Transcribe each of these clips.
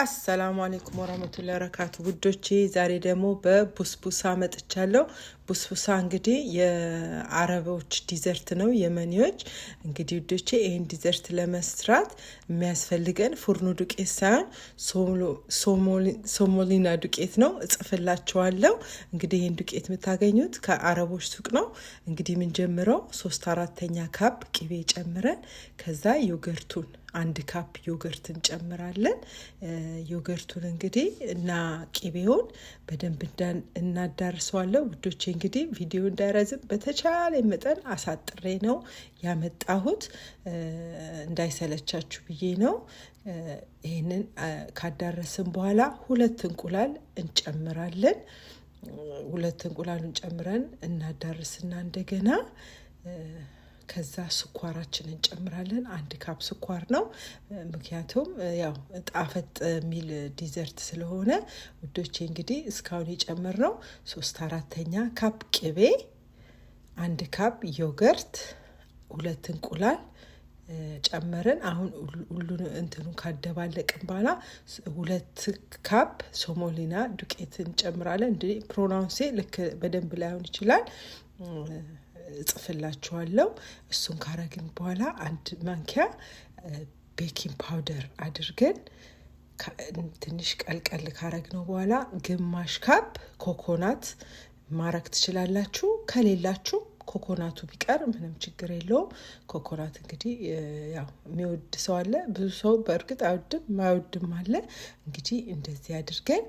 አሰላሙ አሌይኩም ወረመቱላ ወበረካቱ ውዶቼ፣ ዛሬ ደግሞ በቡስቡሳ መጥቻለሁ። ቡስቡሳ እንግዲህ የአረቦች ዲዘርት ነው፣ የመኒዎች እንግዲህ ውዶቼ። ይህን ዲዘርት ለመስራት የሚያስፈልገን ፉርኖ ዱቄት ሳይሆን ሶሞሊና ዱቄት ነው። እጽፍላችኋለሁ። እንግዲህ ይህን ዱቄት የምታገኙት ከአረቦች ሱቅ ነው። እንግዲህ የምንጀምረው ሶስት አራተኛ ካፕ ቅቤ ጨምረን ከዛ ዮገርቱን አንድ ካፕ ዮገርት እንጨምራለን። ዮገርቱን እንግዲህ እና ቅቤውን በደንብ እናዳርሰዋለሁ ውዶቼ። እንግዲህ ቪዲዮ እንዳይረዝም በተቻለ መጠን አሳጥሬ ነው ያመጣሁት፣ እንዳይሰለቻችሁ ብዬ ነው። ይህንን ካዳረስን በኋላ ሁለት እንቁላል እንጨምራለን። ሁለት እንቁላሉን ጨምረን እናዳርስና እንደገና ከዛ ስኳራችንን እንጨምራለን። አንድ ካፕ ስኳር ነው። ምክንያቱም ያው ጣፈጥ የሚል ዲዘርት ስለሆነ ውዶቼ፣ እንግዲህ እስካሁን ነው ሶስት አራተኛ ካፕ ቅቤ፣ አንድ ካፕ ዮገርት፣ ሁለት እንቁላል ጨመርን። አሁን ሁሉን እንትኑን ካደባለቅን በኋላ ሁለት ካፕ ሶሞሊና ዱቄት እንጨምራለን። እንግዲህ ፕሮናውንሴ ልክ በደንብ ላይሆን ይችላል። እጽፍላችኋለሁ። እሱን ካረግን በኋላ አንድ ማንኪያ ቤኪንግ ፓውደር አድርገን ትንሽ ቀልቀል ካረግነው በኋላ ግማሽ ካፕ ኮኮናት ማረግ ትችላላችሁ። ከሌላችሁ ኮኮናቱ ቢቀር ምንም ችግር የለውም። ኮኮናት እንግዲህ ያው የሚወድ ሰው አለ፣ ብዙ ሰው በእርግጥ አይወድም፣ ማይወድም አለ። እንግዲህ እንደዚህ አድርገን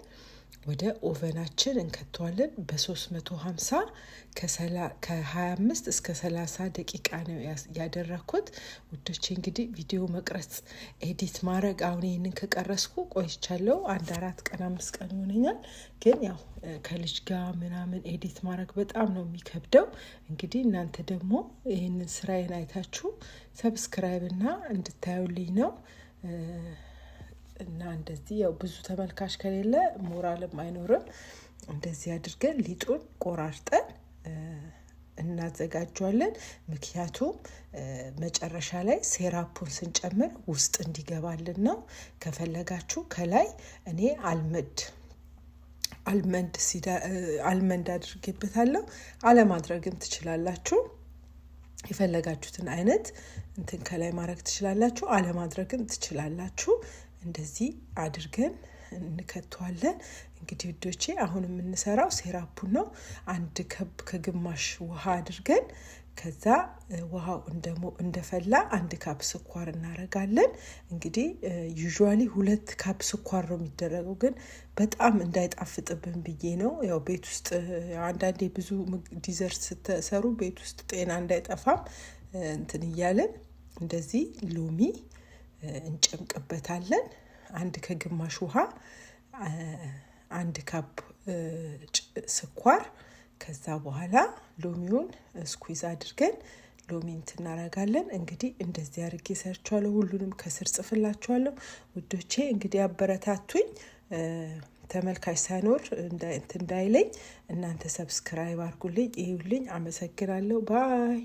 ወደ ኦቨናችን እንከተዋለን። በ350 ከ25 እስከ 30 ደቂቃ ነው ያደረኩት ውዶች እንግዲህ ቪዲዮ መቅረጽ ኤዲት ማድረግ አሁን ይህንን ከቀረስኩ ቆይቻለሁ። አንድ አራት ቀን አምስት ቀን ይሆነኛል። ግን ያው ከልጅ ጋር ምናምን ኤዲት ማድረግ በጣም ነው የሚከብደው። እንግዲህ እናንተ ደግሞ ይህንን ስራዬን አይታችሁ ሰብስክራይብ እና እንድታዩልኝ ነው። እና እንደዚህ ያው ብዙ ተመልካች ከሌለ ሞራልም አይኖርም። እንደዚህ አድርገን ሊጡን ቆራርጠን እናዘጋጀዋለን። ምክንያቱም መጨረሻ ላይ ሴራፑን ስንጨምር ውስጥ እንዲገባልን ነው። ከፈለጋችሁ ከላይ እኔ አልመድ አልመንድ አልመንድ አድርጌበታለሁ። አለማድረግም ትችላላችሁ። የፈለጋችሁትን አይነት እንትን ከላይ ማድረግ ትችላላችሁ። አለማድረግም ትችላላችሁ። እንደዚህ አድርገን እንከተዋለን። እንግዲህ ውዶቼ አሁን የምንሰራው ሴራፑን ነው። አንድ ከብ ከግማሽ ውሃ አድርገን ከዛ ውሃው እንደሞ እንደፈላ አንድ ካፕ ስኳር እናረጋለን። እንግዲህ ዩዥዋሊ ሁለት ካፕ ስኳር ነው የሚደረገው፣ ግን በጣም እንዳይጣፍጥብን ብዬ ነው። ያው ቤት ውስጥ አንዳንዴ ብዙ ዲዘርት ስትሰሩ ቤት ውስጥ ጤና እንዳይጠፋም እንትን እያለን እንደዚህ ሎሚ እንጨምቅበታለን። አንድ ከግማሽ ውሃ፣ አንድ ካፕ ስኳር፣ ከዛ በኋላ ሎሚውን ስኩዝ አድርገን ሎሚ እንትን እንግዲህ እንደዚህ አድርጌ ሰርቸዋለሁ። ሁሉንም ከስር ጽፍላቸዋለሁ። ውዶቼ። እንግዲህ አበረታቱኝ ተመልካች ሳይኖር እንትን እንዳይለኝ እናንተ ሰብስክራይብ አርጉልኝ፣ ይዩልኝ። አመሰግናለሁ ባይ